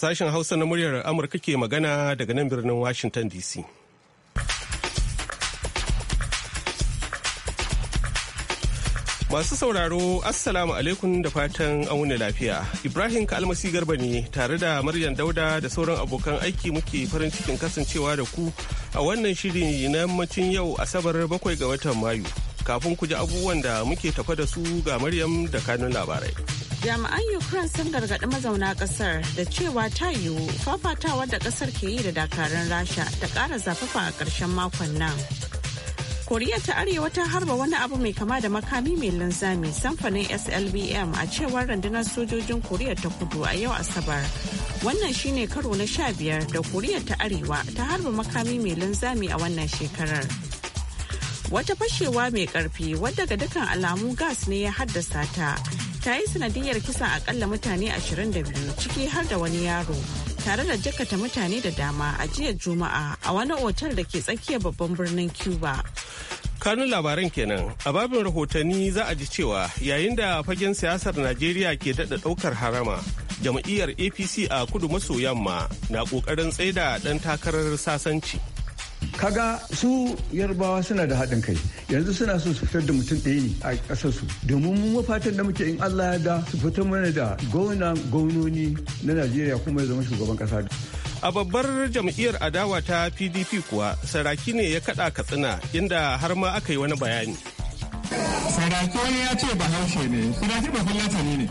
Sashen Hausa na muryar Amurka ke magana daga nan birnin Washington DC. Masu sauraro, Assalamu alaikum da fatan auni lafiya. Ibrahim Kalmasi Garba ne tare da Maryam Dauda da sauran abokan aiki muke farin cikin kasancewa da ku a wannan shirin na yammacin yau Asabar bakwai ga watan Mayu. Kafin ku ji abubuwan da muke tafa da su ga Maryam da kanun labarai. jami'an ukraine sun gargaɗi mazauna ƙasar da cewa ta yiwu fafatawar da ƙasar ke yi da dakarun rasha ta ƙara zafafa a ƙarshen makon nan koriya ta arewa ta harba wani abu mai kama da makami mai linzami samfanin slbm a cewar rundunar sojojin koriya ta kudu a yau asabar wannan shine karo na sha biyar da koriya ta arewa ta harba makami mai linzami a wannan shekarar wata fashewa mai karfi wadda ga dukkan alamu gas ne ya haddasa ta ta yi sanadiyar kisa akalla mutane 22 ciki har da wani yaro tare da jakata mutane da dama a jiya juma'a a wani otal da ke tsakiyar babban birnin cuba kanun labaran kenan a babin rahotanni za a ji cewa yayin da fagen siyasar najeriya ke daɗa ɗaukar harama jam'iyyar apc a kudu maso yamma na ƙoƙarin tsaida ɗan takarar sasanci kaga su yarbawa suna da haɗin kai yanzu suna so su fitar da mutum ɗaya ne a ƙasar su domin mun fatan da muke in Allah ya da su fitar mana da gwamna gwamnoni na Najeriya kuma ya zama shugaban ƙasa a babbar jam'iyyar adawa ta pdp kuwa saraki ne ya kaɗa katsina inda har ma aka yi wani bayani saraki wani ya ce ba haushe ne saraki ba fulatani ne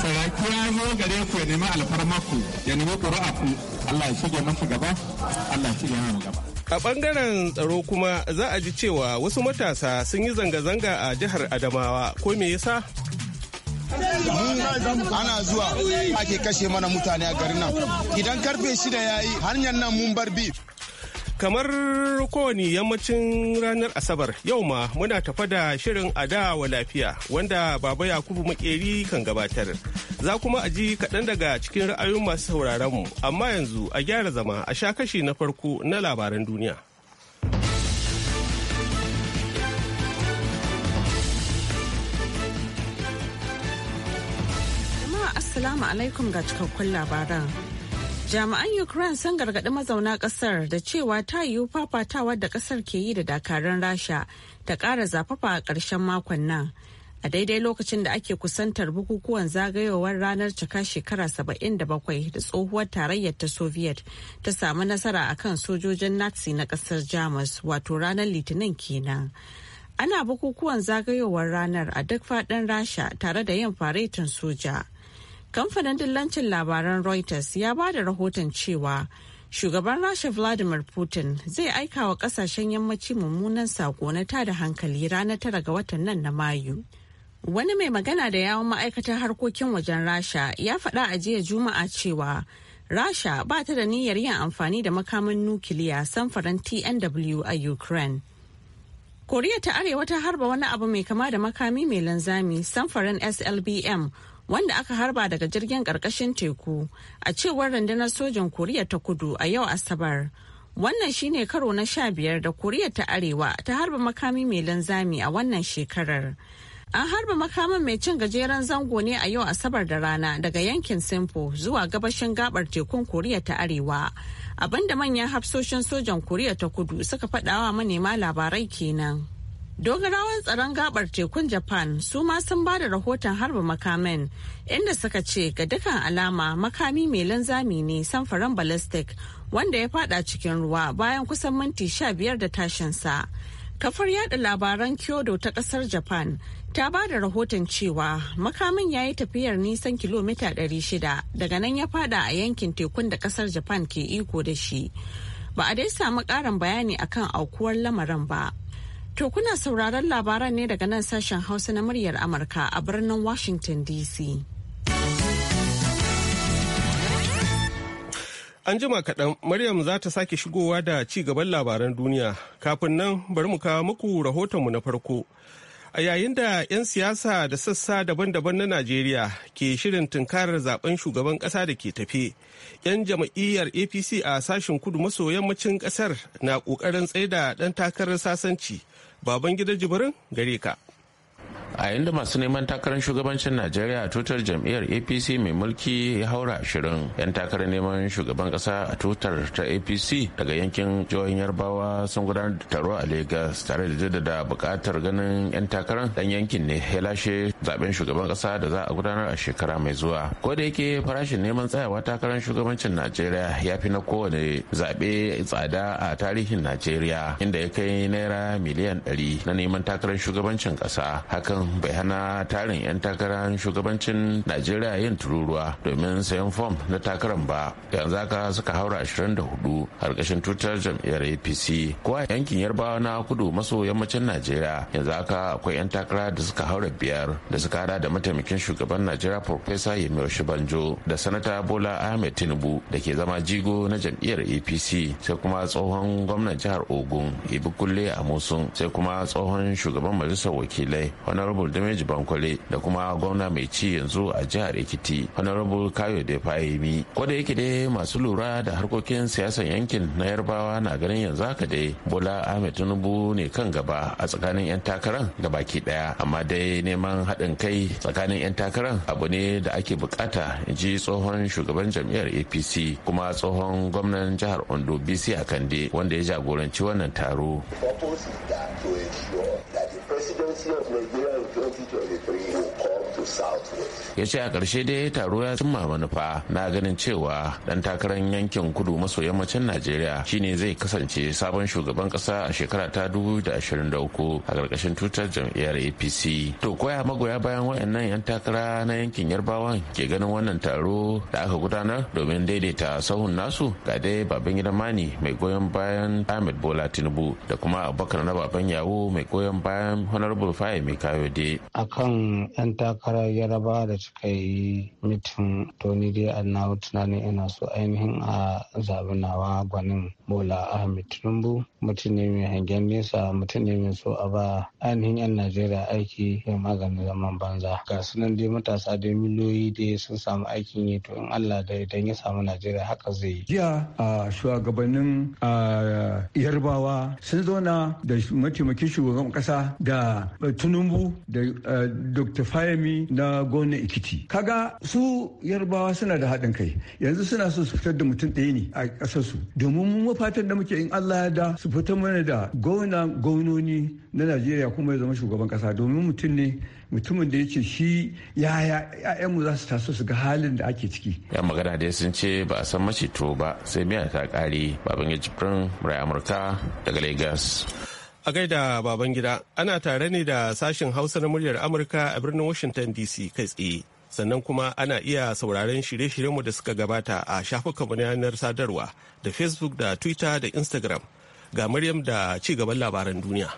saraki ya zo gare ku ya nemi alfarmaku ya nemi ƙuri'a ku allah ya shige masu gaba allah ya shige mu gaba A ɓangaren tsaro kuma za a ji cewa wasu matasa sun yi zanga-zanga a jihar Adamawa ko me yasa? ana zuwa ake kashe mana mutane a garin nan idan karfe shida ya yi hanyar nan mun bar bi kamar kowane yammacin ranar asabar yau ma muna tafa da shirin adawa lafiya wanda baba yakubu makeri kan gabatar Za kuma a ji kaɗan daga cikin ra'ayoyin masu sauraron mu, amma yanzu a gyara zama a sha kashi na farko na labaran duniya. Jama'a Assalamu alaikum ga cikakkun labaran. Jami'an Ukraine sun gargaɗi mazauna ƙasar da cewa ta yiwu fafatawa da ƙasar ke yi da dakarun Rasha ta ƙara zafafa a ƙarshen makon nan. a daidai lokacin da ake kusantar bukukuwan zagayowar ranar cika shekara 77 da tsohuwar tarayyar ta soviet ta samu nasara akan sojojin nazi na kasar jamus wato ranar litinin kenan ana bukukuwan zagayowar ranar a duk fadin rasha tare da yin faretin soja kamfanin dillancin labaran reuters ya ba da rahoton cewa shugaban rasha vladimir putin zai aika wa kasashen yammaci mummunan sako na tada hankali ranar tara ga watan nan na mayu Wani mai magana da yawon ma'aikatar harkokin wajen Rasha ya faɗa a jiya Juma'a cewa Rasha ba ta da niyyar yin amfani da makamin nukiliya samfarin TNW a Ukraine. Koriya ta Arewa ta harba wani abu mai kama da makami mai linzami samfarin SLBM wanda aka harba daga jirgin ƙarƙashin teku a cewar rundunar sojan Koriya ta kudu a yau Asabar. Wannan shine karo na sha biyar da Koriya ta Arewa ta harba makami mai linzami a wannan shekarar. An harba makaman mai cin gajeren zango ne a yau Asabar da rana daga yankin Simpo zuwa gabashin gabar tekun Koriya ta Arewa. Abinda manyan hafsoshin sojan Koriya ta Kudu suka fadawa manema labarai kenan. Dogarawan tsaron gabar tekun Japan su ma sun ba da rahoton harba makamin inda suka ce ga dukkan alama makami mai linzami ne samfuran ballistic wanda ya fada cikin ruwa bayan kusan minti 15 da tashinsa. sa. Kafar yada labaran Kyodo ta kasar Japan ta ba da rahoton cewa makamin ya yi tafiyar nisan kilomita 600 daga nan ya fada a yankin tekun da kasar Japan ke iko da shi. Ba a dai samu karin bayani akan aukuwar lamarin ba. To kuna sauraron labaran ne daga nan sashen Hausa na muryar Amurka a birnin Washington DC. An jima kaɗan Maryam za ta sake shigowa da ci gaban labaran duniya. Kafin nan bari mu kawo muku mu na farko. A yayin da 'yan siyasa da sassa daban-daban na Najeriya ke shirin tunkarar zaben shugaban ƙasa da ke tafe, 'yan jam'iyyar APC a sashen kudu maso yammacin ƙasar na ƙoƙarin tsaida ɗan takarar sasanci. Baban gida jibirin gare ka. a inda masu neman takarar shugabancin najeriya a tutar jam'iyyar apc mai mulki ya haura ashirin yan takarar neman shugaban kasa a tutar ta apc daga yankin jihohin yarbawa sun gudanar da taro a lagos tare da jaddada bukatar ganin yan takarar dan yankin ne ya lashe zaben shugaban kasa da za a gudanar a shekara mai zuwa ko da yake farashin neman tsayawa takarar shugabancin najeriya ya fi na kowane zaɓe tsada a tarihin najeriya inda ya kai naira miliyan ɗari na neman takarar shugabancin ƙasa hakan bai hana tarin 'yan takarar shugabancin najeriya yin tururuwa domin sayan fom na takarar ba yanzu haka suka haura 24 harkashin cutar jam'iyyar apc Kuwa yankin yarbawa na kudu maso yammacin najeriya yanzu haka akwai 'yan takara da suka haura biyar da suka hada da mataimakin shugaban najeriya farfesa yemi shibanjo da sanata bola ahmed tinubu da ke zama jigo na jam'iyyar apc sai kuma tsohon gwamnan jihar ogun ibi kulle a musun sai kuma tsohon shugaban majalisar wakilai honorable damage bankwale da kuma gwamna mai ci yanzu a jihar ekiti honorable kayo da fahimi ko da yake dai masu lura da harkokin siyasan yankin na yarbawa na ganin yanzu haka dai bola ahmed tinubu ne kan gaba a tsakanin 'yan takarar da baki daya amma dai neman haɗin kai tsakanin 'yan takarar abu ne da ake bukata in ji tsohon shugaban jam'iyyar apc kuma tsohon gwamnan jihar ondo bc a kande wanda ya jagoranci wannan taro. ya ce a ƙarshe dai taro ya cimma manufa na ganin cewa ɗan takarar yankin kudu maso yammacin najeriya shine zai kasance sabon shugaban ƙasa a shekara ta 2023 a ƙarƙashin tutar jam'iyyar apc to koya magoya bayan waɗannan 'yan takara na yankin yarbawan ke ganin wannan taro da aka gudanar domin daidaita sahun nasu ga dai baban mani mai goyon bayan ahmed bola tinubu da kuma abubakar na baban yawo mai goyon bayan honar kayo fahimi a kan yan takarar yaraba da suka yi mitin to ni a na tunanin ina so ainihin a zabi gwanin bola ahmed tinubu mutum ne mai hangen nesa mutum ne mai so a ba ainihin yan najeriya aiki ya maganin zaman banza ga sunan dai matasa da miliyoyi da sun samu aikin yi to in allah da idan ya samu najeriya haka zai yi jiya a shugabannin yarbawa sun zauna da mataimakin shugaban kasa da tinubu da dr fayemi na gona ikiti kaga su yarbawa suna da haɗin kai yanzu suna so su fitar da mutum ɗaya ne a ƙasarsu domin mu fatan da muke in Allah ya da su fita mana da gona gononi na Najeriya kuma ya zama shugaban kasa domin mutum ne mutumin da yake shi yaya mu za su taso su ga halin da ake ciki. Ya magana da sun ce ba a san macito ba sai miya ta kare baban ya jibrin murai Amurka daga Lagos. A gaida baban gida ana tare ne da sashen Hausa na muryar Amurka a birnin Washington DC kai tsaye. sannan kuma ana iya sauraron shirye-shiryenmu da suka gabata a shafukanmu na yanar sadarwa da facebook da twitter da instagram ga maryam da ci gaban labaran duniya.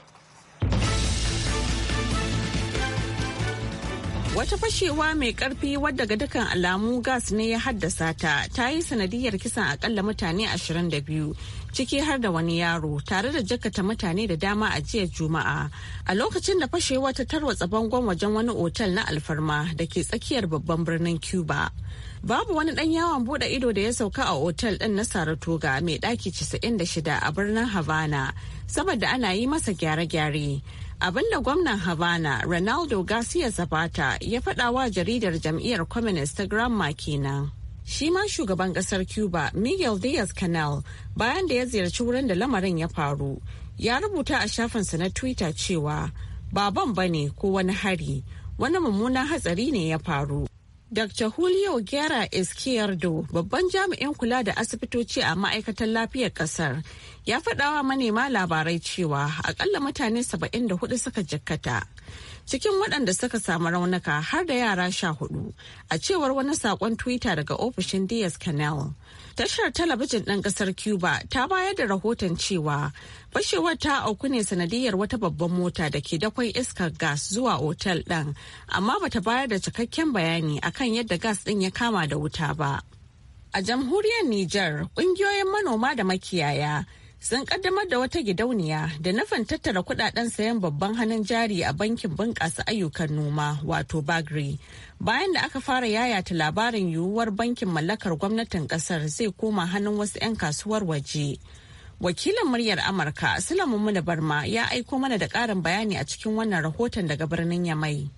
Wata fashewa mai karfi wadda ga dukkan alamu gas ne ya haddasa ta ta yi sanadiyar kisan akalla mutane 22 ciki har da wani yaro tare da jakata mutane da dama a jiya juma'a a lokacin da fashewa ta tarwatsa bangon wajen wani otal na alfarma da ke tsakiyar babban birnin cuba babu wani dan yawon bude ido da ya sauka a otal din na saratoga mai daki 96 a birnin havana saboda ana yi masa gyare-gyare abinda gwamnan havana ronaldo garcia zapata ya faɗa wa jaridar jam'iyyar communist ta granma kenan shi ma shugaban ƙasar cuba miguel diaz canal bayan da ya ziyarci wurin da lamarin ya faru ya rubuta a shafinsa na twitter cewa baban bane ko wani hari wani mummunan hatsari ne ya faru Dr. Julio Guerra Izquierdo, babban jami'in kula da asibitoci a ma'aikatar lafiyar kasar, ya faɗawa manema labarai cewa akalla mutane 74 suka jikkata cikin waɗanda suka samu raunuka har da yara sha hudu a cewar wani sakon twitter daga ofishin ds canal tashar talabijin ɗan ƙasar cuba ta bayar da rahoton cewa fashewar ta auku ne sanadiyar wata babban mota da ke dakwai iskar gas zuwa otal ɗin amma bata bayar da cikakken bayani akan yadda gas ɗin ya kama da wuta ba a jamhuriyar niger ƙungiyoyin manoma da makiyaya sun kaddamar da wata gidauniya da nufin tattara kudaden sayan babban hannun jari a bankin bunƙasa ayyukan noma wato bagri bayan da aka fara yayata labarin yiwuwar bankin mallakar gwamnatin kasar zai koma hannun wasu 'yan kasuwar waje wakilin muryar amurka sulamu muna barma ya aiko mana da ƙarin bayani a cikin wannan rahoton daga birnin yamai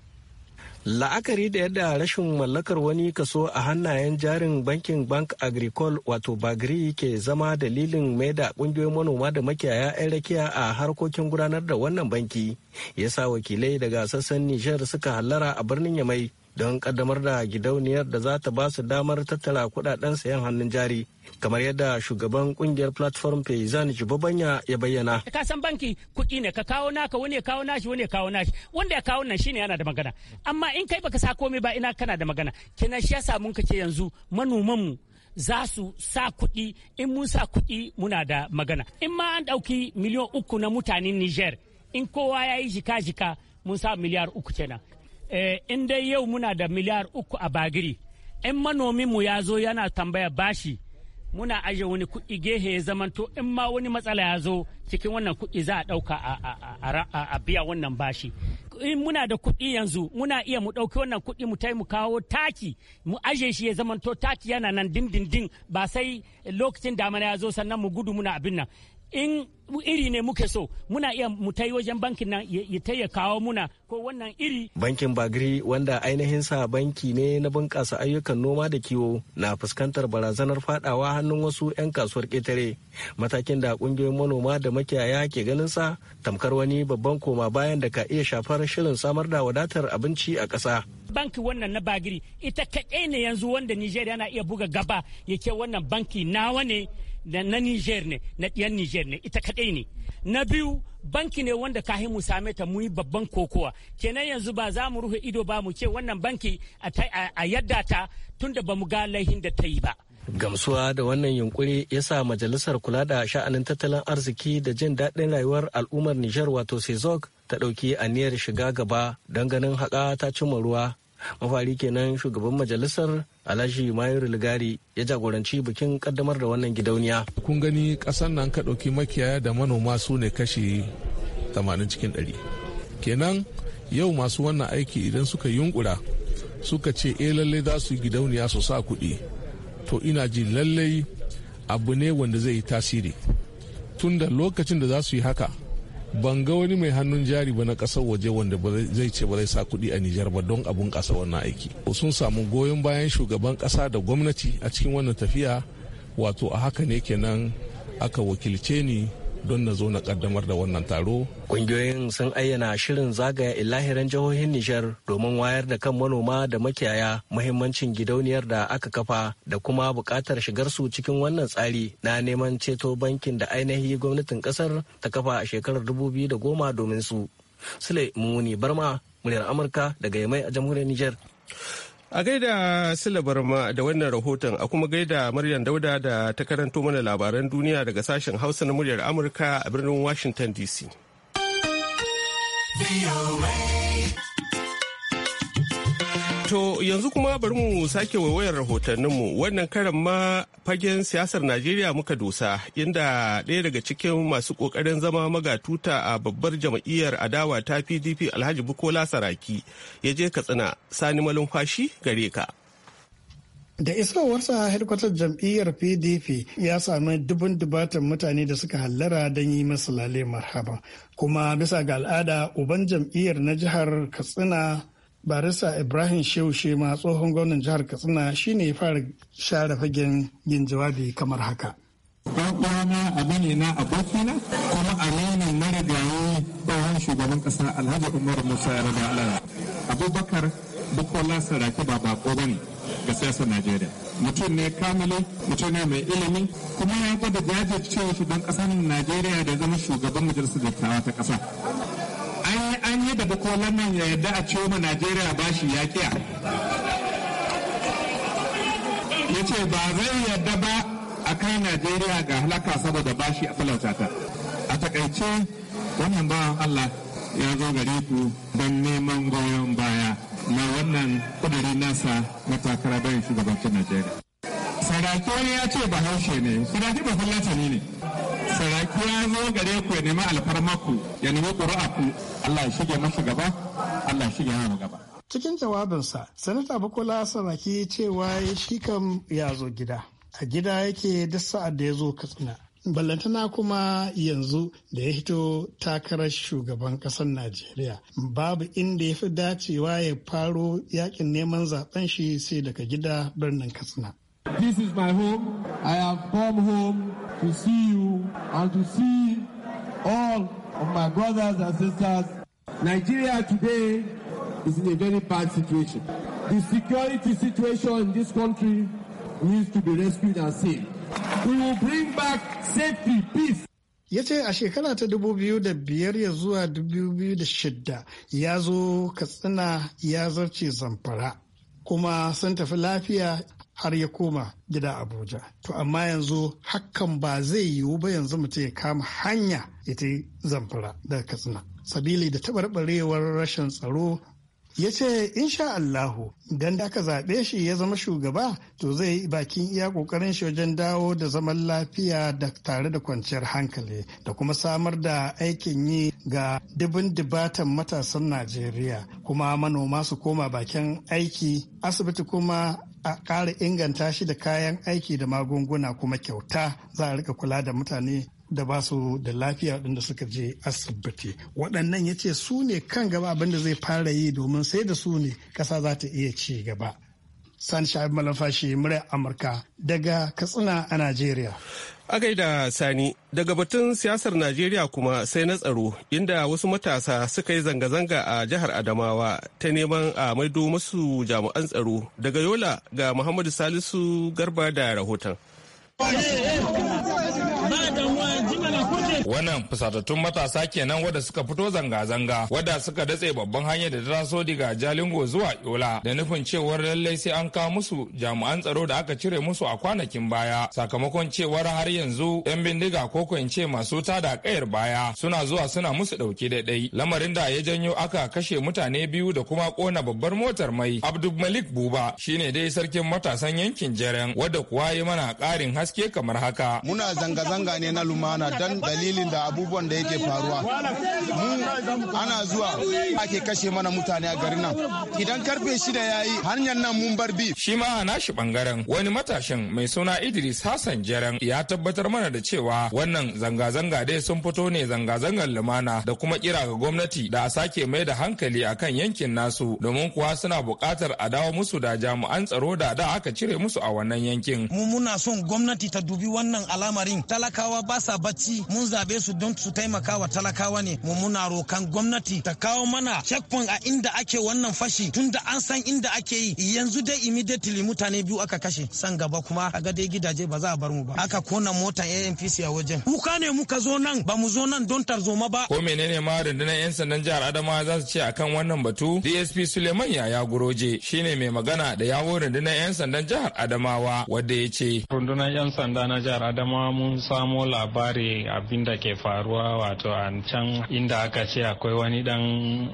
La'akari da yadda rashin mallakar wani kaso a hannayen jarin bankin Bank Agricole wato Bagri ke zama dalilin maida da kungiyoyin manoma da makiyaya 'yan rakiya a harkokin gudanar da wannan banki, ya sa wakilai daga sassan Nijar suka hallara a birnin Yamai don kaddamar da gidauniyar da za ta ba su damar tattala kudaden sayan hannun jari kamar yadda shugaban kungiyar platform peizan jibobanya ya bayyana ka san banki kuɗi ne ka kawo naka wani ya kawo nashi wani ya kawo nashi wanda ya kawo nan shine yana da magana amma in kai baka sa komai ba ina kana da magana kenan shi yasa mun kace yanzu manoman mu za su sa kuɗi in mun sa kuɗi muna da magana in ma an ɗauki miliyan uku na mutanen niger in kowa ya yi jika-jika mun sa miliyar uku kenan Eh, in dai yau muna da miliyar uku a bagiri in mu ya zo yana tambaya bashi muna aje wani kuɗi gehe ya zamanto in ma wani matsala ya zo cikin wannan kuɗi za a ɗauka a biya wannan bashi in muna da kuɗi yanzu muna iya mu ɗauki wannan kuɗi mu tai mu kawo taki mu aje shi ya zamanto taki yana nan dindindin ba sai lokacin damana ya zo sannan mu gudu muna abin nan in iri ne muke so muna iya mu wajen bankin nan ya ya kawo muna ko wannan iri. Bankin Bagri wanda ainihin sa banki ne na bunƙasa ayyukan noma da kiwo na fuskantar barazanar fadawa hannun wasu 'yan kasuwar ƙetare matakin da ƙungiyoyin manoma da makiyaya ke ganin sa tamkar wani babban koma bayan da ka iya shafar shirin samar da wadatar abinci a ƙasa. banki wannan na bagiri ita kaɗai ne yanzu wanda nigeria na iya buga gaba yake wannan banki nawa ne na niger ne na ɗiyan niger ne ita kaɗai ne na biyu banki ne wanda kahi mu same ta muyi babban kokowa kenan yanzu ba za mu rufe ido ba mu ce wannan banki a yadda ta tunda ba mu ga laihin da ta yi ba gamsuwa da wannan yunkuri ya sa majalisar kula da sha'anin tattalin arziki da jin daɗin rayuwar al'ummar niger wato sezok ta ɗauki aniyar shiga gaba don ganin haƙa ta cimma ruwa mafari kenan shugaban majalisar alhaji mayu ligari ya jagoranci bikin kaddamar da wannan gidauniya kun gani kasan nan ka ɗauki makiyaya da manoma su ne kashi 80 cikin 100 kenan yau masu wannan aiki idan suka yunkura suka ce eh lallai za su gidauniya su sa kuɗi to ina ji lallai abu ne wanda zai yi tasiri tunda lokacin da za su yi haka ban ga wani mai hannun jari ba na kasar waje wanda zai ce ba zai sa kuɗi a Nijar ba don a bunƙasa wannan aiki. Sun samu goyon bayan shugaban ƙasa da gwamnati a cikin wannan tafiya wato a haka ne kenan aka wakilce ni don na zo na kaddamar da wannan taro. Kungiyoyin sun ayyana shirin zagaya ilahiran jihohin Nijar domin wayar da kan manoma da makiyaya muhimmancin gidauniyar da aka kafa da kuma shigar shigarsu cikin wannan tsari na neman ceto bankin da ainihi gwamnatin kasar ta kafa a shekarar dubu 2010 domin su. Sule Muni Barma, muryar Amurka daga Yamai a jamhuriyar Nijar. A gaida Sila Barma da wannan rahoton a kuma gaida Maryam Dauda da ta karanto mana labaran duniya daga sashen Hausa na muryar Amurka a birnin Washington DC. To yanzu kuma bari mu sake waiwayar rahotanninmu wannan karan ma fagen siyasar Najeriya muka dosa inda ɗaya daga cikin masu ƙoƙarin zama magatuta a babbar jam'iyyar adawa ta PDP Alhaji Bukola Saraki ya je Katsina Sani Malumfashi gare ka. da isowarsa hedkwatar jam'iyyar pdp ya sami dubun dubatan mutane da suka hallara don yi masa lale marhaba kuma bisa ga al'ada uban jam'iyyar na jihar katsina barista ibrahim shehu shema tsohon gwamnan jihar katsina shine ya fara share fagen yin jawabi kamar haka ɗan'uwana abu ne na abokina kuma amini na rigaye tsohon shugaban ƙasa alhaji umar musa ya raba alara abubakar bukola saraki ba bako bane ga siyasar najeriya mutum ne kamile mutum ne mai ilimi kuma ya gwada jajircewa shugaban ƙasar najeriya da zama shugaban majalisar dattawa ta ƙasa da ba ko lamin ya yadda a ciwo ma Najeriya bashi ya kiya. Ya ce ba zai yadda ba a kai Najeriya ga halaka saboda ba shi a talauta ta. A takaice wannan bawan Allah ya zo gare ku don neman goyon baya na wannan kudurin nasa na takara bayan shugabancin Najeriya. Saraki wani ya ce ba haushe ne, saraki ba fallata ne. Saraki ya zo gare ku ya nemi alfarmaku ya nemi ƙuri'a ku Allah ya shige masa gaba Allah ya shige mana gaba cikin jawabinsa sanata bukola saraki cewa shi kam ya zo gida a gida yake duk sa'ad da ya zo katsina ballantana kuma yanzu da ya hito takarar shugaban ƙasar najeriya babu inda ya fi dacewa ya faro yakin neman zaben shi sai daga gida birnin katsina This is my home. I have come home to see you and to see all of my brothers and sisters, Nigeria today is in a very bad situation. The security situation in this country needs to be rescued and saved. We will bring back safety, peace. ya ce a shekara ta dubu biyu da biyar ya zuwa dubu biyu da shida ya zo katsina ya zarce zamfara kuma sun tafi lafiya har ya koma gida abuja to amma yanzu hakan ba zai yiwu ba yanzu mutum ya kama hanya ya ta zamfara daga katsina sabili da taɓarɓarewar rashin tsaro ya ce insha Allahu idan da aka zaɓe shi ya zama shugaba to zai yi bakin iya ƙoƙarin shi wajen dawo da zaman lafiya da tare da kwanciyar hankali da kuma samar da aikin yi ga dubin dubatan matasan Najeriya kuma manoma su koma bakin aiki asibiti kuma a ƙara inganta shi da kayan aiki da magunguna kuma kyauta za a rika kula da mutane da ba su da lafiya waɗanda suka je asibiti waɗannan ya ce su ne kan gaba abinda zai fara yi domin sai da su ne ƙasa za ta iya ci gaba Sani Shahab Malafashi muryar Amurka daga Katsina a Najeriya. A gaida Sani, daga batun siyasar Najeriya kuma sai na tsaro inda wasu matasa suka yi zanga-zanga a jihar Adamawa ta neman a maido masu jami'an tsaro daga Yola ga Muhammadu Salisu Garba da rahoton. wannan fusatattun matasa kenan wadda suka fito zanga-zanga wadda suka datse babban hanya da ta taso daga jalingo zuwa yola da nufin cewar lallai sai an kawo musu jami'an tsaro da aka cire musu a kwanakin baya sakamakon cewar har yanzu yan bindiga ko ce masu tada kayar baya suna zuwa suna musu dauke daɗai. lamarin da ya janyo aka kashe mutane biyu da kuma kona babbar motar mai abdulmalik buba shine dai sarkin matasan yankin jeren wadda kuwa yi mana karin haske kamar haka muna zanga-zanga ne na lumana dan dalili dalilin da abubuwan da yake faruwa mu ana zuwa ake kashe mana mutane a garin nan idan karfe shida ya yi hanyar nan mun bar bi shi ma a nashi bangaren wani matashin mai suna idris hassan jaren ya tabbatar mana da cewa wannan zanga-zanga dai sun fito ne zanga-zangar lumana da kuma kira ga gwamnati da a sake mai da hankali akan yankin nasu domin kuwa suna buƙatar a dawo musu da jami'an tsaro da da aka cire musu a wannan yankin mu muna son gwamnati ta dubi wannan alamarin talakawa ba sa bacci mun zaɓi zabe su don su taimaka wa talakawa ne mu muna rokan gwamnati ta kawo mana checkpoint a inda ake wannan fashi tunda an san inda ake yi yanzu dai immediately mutane biyu aka kashe san gaba kuma a ga dai gidaje ba za a bar mu ba aka kona motan ANPC a wajen kuka ne muka zo nan ba mu zo nan don tarzoma ba ko menene ma rundunar yan sandan jihar Adamawa za su ce akan wannan batu DSP Suleiman Yaya Guroje shine mai magana da yawo rundunar yan sandan jihar Adamawa wanda ya ce rundunar yan sanda na jihar Adamawa mun samo labari abinda da ke faruwa wato a can inda aka ce akwai wani dan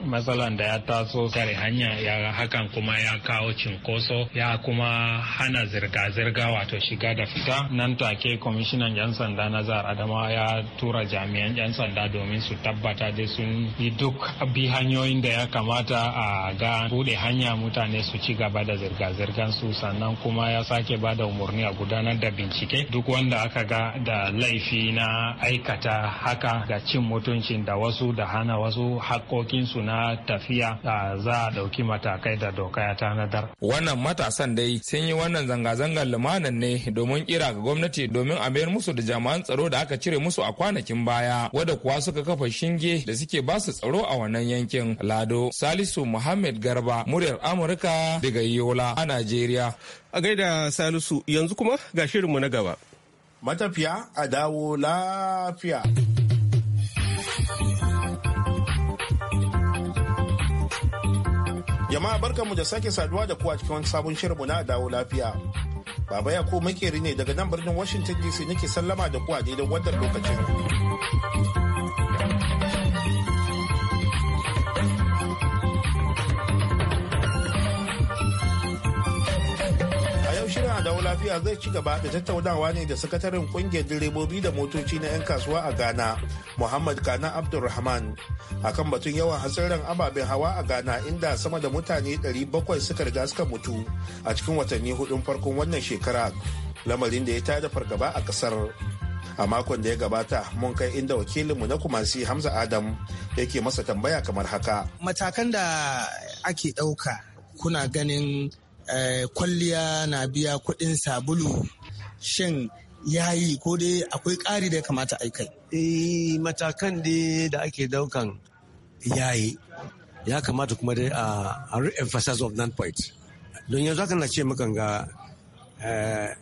matsalan da ya taso kare hanya ya hakan kuma ya kawo cinkoso ya kuma hana zirga-zirga wato shiga da fita nan take kwamishinan 'yan sanda na zahar adama ya tura jami'an 'yan sanda domin su tabbata dai sun yi duk bi hanyoyin da ya kamata a ga bude hanya mutane su ci gaba da zirga-zirgan su sannan kuma ya sake bada da umarni a gudanar da bincike duk wanda aka ga da laifi na aikata ta haka ga cin mutuncin da wasu da hana wasu haƙoƙinsu na tafiya za a ɗauki matakai da doka ya tanadar. Wannan matasan dai sun yi wannan zanga-zangar lumanan ne domin kira ga gwamnati domin a mayar musu da jami'an tsaro da aka cire musu a kwanakin baya wadda kuwa suka kafa shinge da suke ba su tsaro a wannan yankin. Lado Salisu Muhammad Garba muryar Amurka daga Yola a Najeriya. A gaida Salisu yanzu kuma ga shirinmu na gaba. matafiya a dawo lafiya. Jama'a barkanmu da sake saduwa da kuwa cikin wani sabon shirinmu na dawo lafiya. Baba ya ko makeri ne daga nan birnin Washington DC nake sallama da kuwa daidai wannan lokacin. dawo lafiya zai ci gaba da tattaunawa ne da sakataren kungiyar direbobi da motoci na 'yan kasuwa a ghana muhammad kana abdulrahman a kan batun yawan hatsarin ababen hawa a ghana inda sama da mutane 700 suka riga suka mutu a cikin watanni hudun farkon wannan shekara lamarin da ya tada fargaba a kasar a makon da ya gabata mun kai inda wakilinmu na kumasi hamza adam yake masa tambaya kamar haka matakan da ake ɗauka kuna ganin Eh, kwalliya na biya kuɗin sabulu shin yayi ko dai akwai ƙari da ya kamata a kai? Eh matakan dai da ake daukan yayi ya kamata kuma dai a re-emphasize of non point don yanzu haka na ce maka ga eh,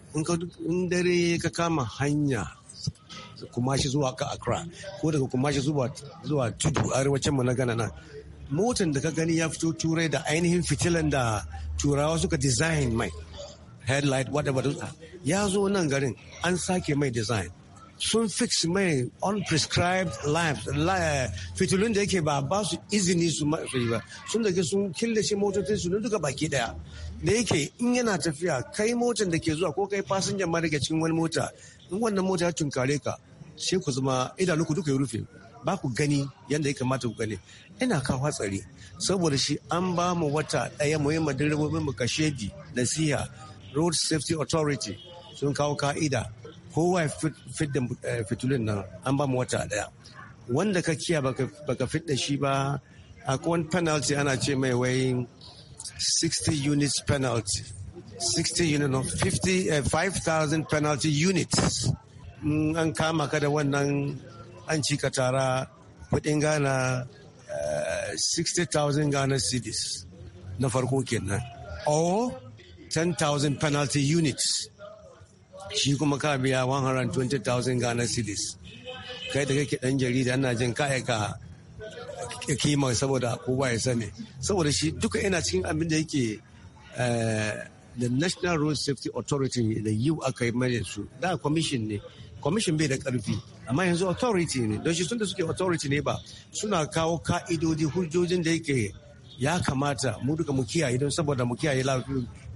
in dare ka kama hanya kuma shi zuwa ka accra ko daga kuma shi zuwa tudu arewacin mu na gana nan motan da ka gani ya fito turai da ainihin fitilan da turawa suka design mai headlight whatever ya zo nan garin an sake mai design sun fix mai unprescribed lives fitilun da yake ba ba su izini su mafi ba sun da sun killace motocin su duka baki daya da yake in yana tafiya kai motan da ke zuwa ko kai fasinjan ma daga cikin wani mota in wannan mota ya tunkare ka sai ku zama idanu ku duka ya rufe ba ku gani yadda ya kamata ku gani ina kawo hatsari saboda shi an ba mu wata ɗaya mu yi direbobin mu kashedi nasiha road safety authority sun kawo ka'ida kowa ya fidda eh, fitulun nan an ba mu wata ɗaya wanda ka kiya baka fidda shi ba akwai wani penalty ana ce mai wai 60 units penalty 60 unit no 50,000 eh, penalty units an kama ka da wannan an cika tara kudin gana 60,000 Ghana cities na farko kenan or 10,000 penalty units shi kuma ka biya 120,000 Ghana cities kai da kake dan jarida ana jin kaya ka kima saboda kowa ya sani saboda shi duka yana cikin abin da yake eh, the national road safety authority da yiwu aka yi mai su da commission ne commission bai da karfi amma yanzu authority ne don shi tunda suke authority ne ba suna kawo ka'idodi hujjojin da yake ya kamata mu duka mu kiyaye don saboda mu kiyaye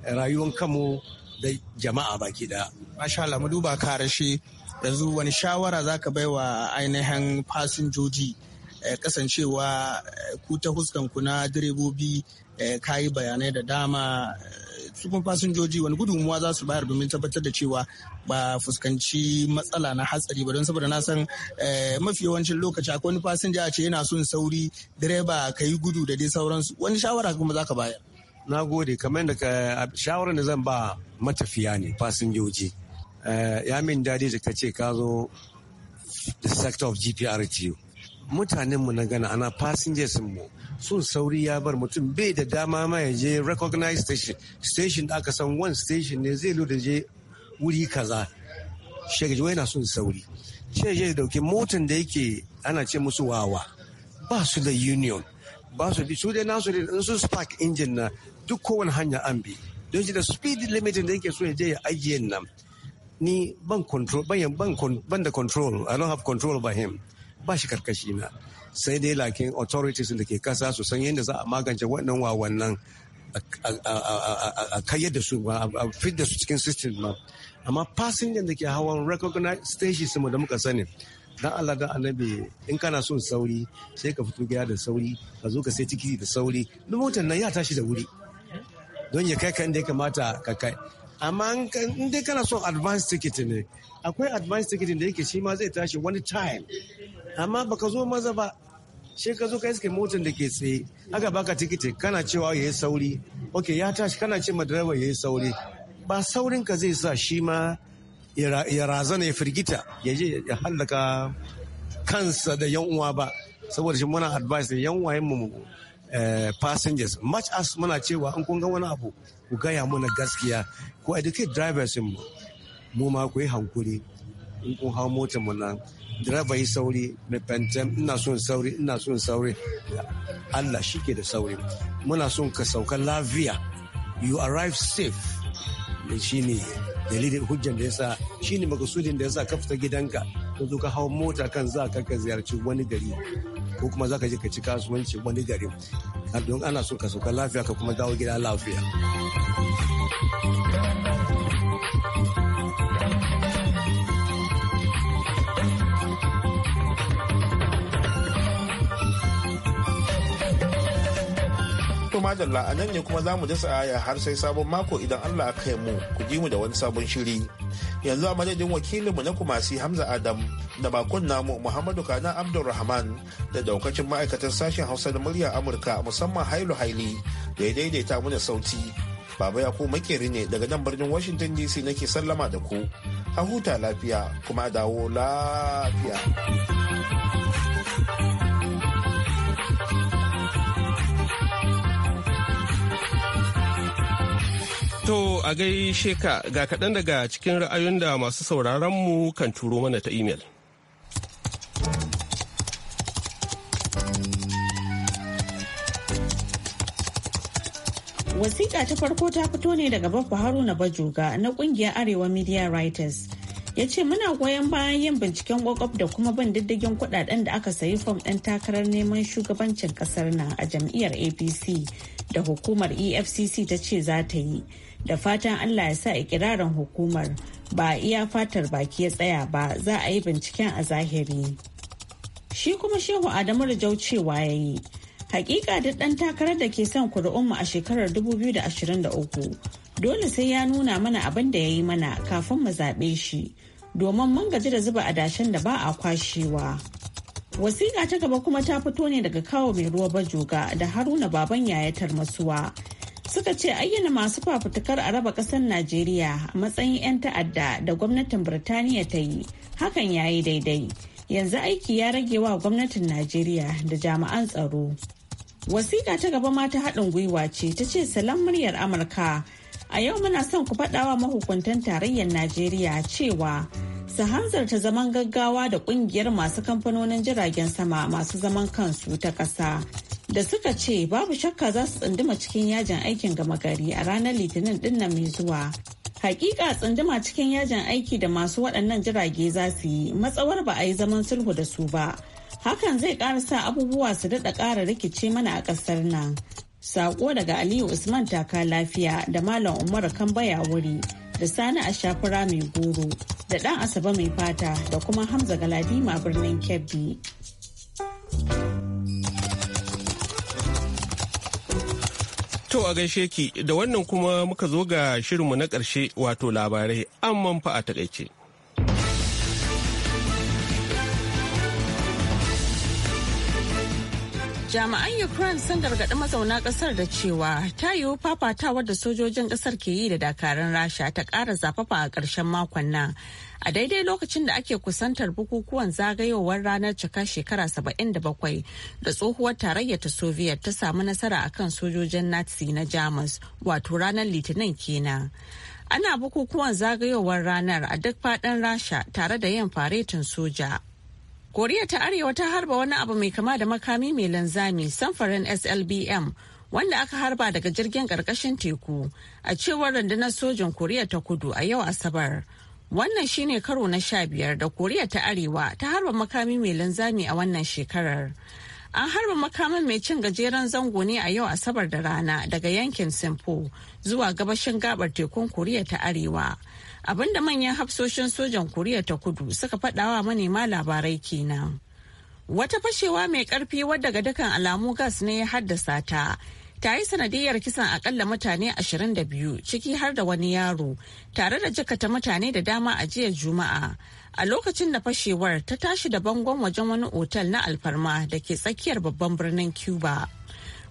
rayuwar kanmu da jama'a baki daya. Masha Allah mu duba karashe yanzu wani shawara za ka baiwa ainihin fasinjoji eh, kasancewa eh, ku ta huskan ku na direbobi eh, kayi bayanai da dama cikin fasinjoji wani gudunmuwa za su bayar domin tabbatar da cewa ba fuskanci matsala na hatsari ba don saboda na san eh, mafi yawancin lokaci akwai wani fasinja a ce yana son sauri direba ka yi gudu da dai sauransu wani shawara kuma za ka bayar na gode kamar da shawarar da zan ba matafiya ne fasinjoji eh, ya min daɗi da ka ce ka zo the sector of gprtu mutanenmu na gana ana passengers mu sun sauri ya bar mutum bai da dama ma ya je recognize station station da aka san one station ne zai da je wuri kaza shi na yana son sauri ce ya dauke motan da yake ana ce musu wawa ba su da union ba su bi su dai nasu da in sun spark engine na duk kowane hanya an bi don shi da speed limit da yake so ya je ya ajiye nan ni ban control ban ban ban da control i don't have control over him ba shi karkashi na sai dai lakin authorities da ke kasa su san yadda za a magance waɗannan wawannan a kayyar da su a fit da su cikin system ma amma fasinjan da ke hawan recognized stations mu da muka sani dan Allah dan annabi in kana son sauri sai ka fito gida da sauri ka zo ka sai tikiti da sauri duk motar nan ya tashi da wuri don ya kai ka inda ya kamata ka kai amma in dai kana son advance ticket ne akwai advance ticket da yake shi ma zai tashi wani time amma baka zo maza ba sai ka zo ka iske motar da ke tsaye aka baka tikiti kana cewa ya yi sauri okay ya tashi kana ce ma direba ya yi sauri ba ka zai sa shi ma ya razana ya firgita ya je ya hallaka kansa da yan uwa ba saboda shi muna advice da yan uwayen mu eh, passengers much as muna cewa an kun ga wani abu ku gaya muna gaskiya ko educate drivers mu mu ma ku yi hankuri in kun hau mota mu nan yi sauri mai pentem ina son sauri ina son sauri Allah shi ke da sauri muna son ka sauka lafiya you arrive safe shi ne dalilin hujjan da ya sa shi ne makasudin da yasa ka fita gidanka ka zo ka hau mota kan za ka ka ziyarci wani gari ko kuma za ka je ka ci kasuwanci wani gari don ana so ka sauka lafiya ka kuma dawo gida lafiya. madalla a nan ne kuma za mu dasa aya har sai sabon mako idan Allah ya kai mu ku ji mu da wani sabon shiri. Yanzu a madadin wakilinmu na kumasi Hamza Adam da bakon namu Muhammadu Kana Abdulrahman da daukacin ma'aikatan sashen Hausa da murya Amurka musamman Hailu Haili da ya daidaita mu da sauti. Baba Yakub makeri ne daga nan birnin Washington DC nake sallama da ku. A huta lafiya kuma a dawo lafiya. To a gaishe ka ga kaɗan daga cikin ra'ayoyin da masu sauraronmu kan turo mana ta imel. Wasiƙa ta farko ta fito ne daga Babba Haruna Bajoga na ƙungiyar Arewa Media Writers. ya ce muna goyon bayan yin binciken wakaf da kuma bin diddigin kudaden da aka sayi fom ɗin takarar neman shugabancin ƙasar nan a jam'iyyar apc da hukumar efcc ta ce za ta yi da fatan allah ya sa ikirarin hukumar ba a iya fatar baki ya tsaya ba za a yi binciken a zahiri shi kuma shehu adamu rajau cewa ya yi hakika da ɗan takarar da ke son mu a shekarar 2023 dole sai ya nuna mana abin da ya yi mana kafin mu zaɓe shi domin mun gaji da zuba adashen da ba a kwashewa wasiƙa ta gaba kuma ta fito ne daga kawo mai ruwa bajoga da haruna baban yayatar masuwa suka ce ayyana masu fafutukar a raba kasar najeriya a matsayin 'yan ta'adda da gwamnatin birtaniya ta yi hakan ya yi daidai yanzu aiki ya rage wa gwamnatin najeriya da jami'an tsaro wasiƙa ta gaba mata haɗin gwiwa ce ta ce salon muryar amurka a yau muna son ku faɗawa mahukuntan tarayyar najeriya cewa su hanzarta zaman gaggawa da ƙungiyar masu kamfanonin jiragen sama masu zaman kansu ta ƙasa da suka ce babu shakka za su tsunduma cikin yajin aikin gama gari a ranar litinin dinnan mai zuwa hakika tsunduma cikin yajin aiki da masu waɗannan jirage za su yi matsawar ba a yi zaman sulhu da su ba hakan zai ƙara sa abubuwa su daɗa ƙara rikice mana a ƙasar nan sako daga aliyu usman taka lafiya da malam umar kambaya wuri da sani a shafura mai goro da ɗan asaba mai fata da kuma hamza galadima birnin kebbi To a gaishe ki da wannan kuma muka zo ga shirinmu na ƙarshe wato labarai amman fa a takaice. Jami'an Ukraine sun gargaɗi mazauna ƙasar da cewa ta yiwu fafatawar da sojojin ƙasar ke yi da dakarun Rasha ta ƙara zafafa a ƙarshen makon nan. A daidai lokacin da ake kusantar bukukuwan zagayowar ranar cika shekara 77 da tsohuwar tarayyar ta Soviet ta samu nasara a kan sojojin Nazi na Jamus wato ranar Litinin kenan. Ana bukukuwan zagayowar ranar a duk faɗin Rasha tare da yin faretin soja. koriya ta arewa ta harba wani abu mai kama da makami mai lanzami samfarin slbm wanda aka harba daga jirgin karkashin teku a cewar rundunar sojin koriya ta kudu a yau asabar wannan shine karo na sha biyar da koriya ta arewa ta harba makami mai linzami a wannan shekarar an harba makamin mai cin gajeren zango ne a yau asabar da rana daga yankin simpo zuwa gabashin gabar tekun koriya ta arewa abinda manyan hafsoshin sojan koriya ta kudu suka faɗawa manema labarai kenan wata fashewa mai karfi wadda ga dukan alamu gas ne ya haddasa ta ta yi sanadiyar kisan akalla mutane 22 ciki har da wani yaro tare da jikata mutane da dama a jiya juma'a a lokacin da fashewar ta tashi da bangon wajen wani otal na alfarma da ke tsakiyar babban birnin cuba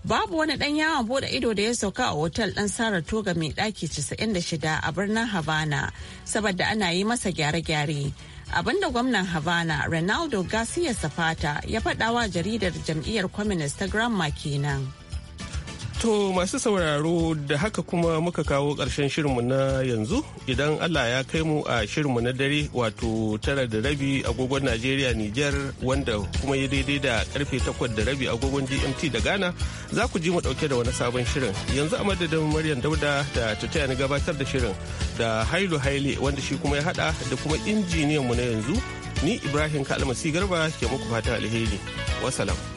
Babu wani ɗan yawon bude ido da ya sauka a otal dan Sara Toga mai ɗaki 96 a birnin Havana saboda ana yi masa gyare-gyare. abinda gwamnan havana ronaldo garcia zapata ya faɗawa jaridar jam'iyyar communist ta gramma kenan To masu sauraro da haka kuma muka kawo ƙarshen shirinmu na yanzu idan Allah ya kai mu a shirinmu na dare wato tara da rabi agogon Najeriya Nijar wanda kuma ya daidai da karfe takwas da rabi agogon GMT da Ghana za ku ji mu ɗauke da wani sabon shirin yanzu a madadin Maryam Dauda da ta taya ni gabatar da shirin da Hailu Haile wanda shi kuma ya haɗa da kuma injiniyan mu na yanzu ni Ibrahim Kalmasi Garba ke muku fata alheri. Wasalam.